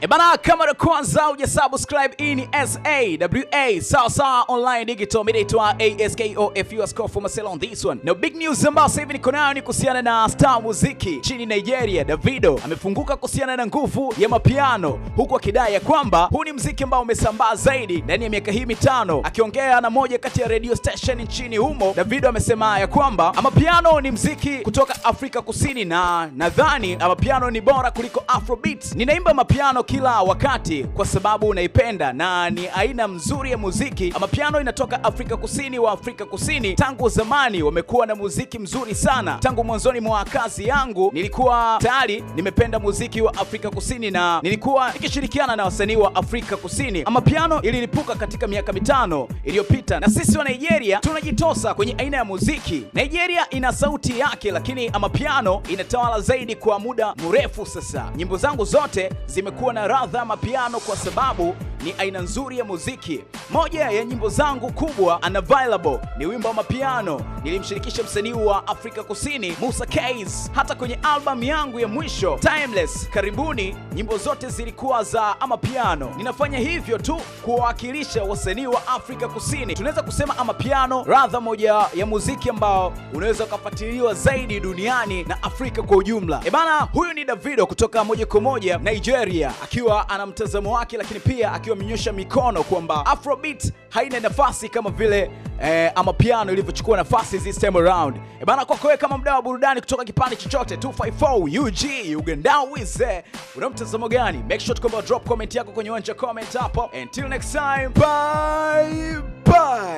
Ebana, eh, kama ndo kwanza hujasubscribe, hii ni SAWA sawa sawa online digital. Mimi naitwa ASKOFU for Marcelo on this one. Na big news ambayo sasa hivi niko nayo ni kuhusiana na star muziki chini Nigeria, Davido amefunguka kuhusiana na nguvu ya mapiano, huku akidai ya kwamba huu ni mziki ambao umesambaa zaidi ndani ya miaka hii mitano. Akiongea na moja kati ya radio station nchini humo, Davido amesema ya kwamba amapiano ah, ni mziki kutoka Afrika Kusini na nadhani amapiano ah, ni bora kuliko Afrobeat. Ninaimba mapiano kila wakati kwa sababu unaipenda na ni aina mzuri ya muziki. Amapiano inatoka Afrika Kusini. Wa Afrika Kusini tangu zamani wamekuwa na muziki mzuri sana. Tangu mwanzoni mwa kazi yangu nilikuwa tayari nimependa muziki wa Afrika Kusini na nilikuwa nikishirikiana na wasanii wa Afrika Kusini. Amapiano ililipuka katika miaka mitano iliyopita, na sisi wa Nigeria tunajitosa kwenye aina ya muziki. Nigeria ina sauti yake, lakini amapiano inatawala zaidi kwa muda mrefu sasa. Nyimbo zangu zote zimekuwa na radha mapiano kwa sababu ni aina nzuri ya muziki. Moja ya nyimbo zangu kubwa Unavailable ni wimbo wa mapiano, nilimshirikisha msanii wa Afrika Kusini Musa Keys. Hata kwenye albamu yangu ya mwisho Timeless karibuni, nyimbo zote zilikuwa za amapiano. Ninafanya hivyo tu kuwawakilisha wasanii wa Afrika Kusini. Tunaweza kusema amapiano radha moja ya muziki ambao unaweza ukafuatiliwa zaidi duniani na Afrika kwa ujumla. Ebana, huyu ni Davido kutoka moja kwa moja Nigeria, akiwa ana mtazamo wake, lakini pia akiwa wakiwa amenyosha mikono kwamba Afrobeat haina nafasi kama vile eh, piano ilivyochukua nafasi this time around. E bana, kwako kama mdau wa burudani kutoka kipande chochote 254 UG wize, una mtazamo gani? Make sure tukomba drop comment yako kwenye uwanja comment hapo. Until next time, bye bye.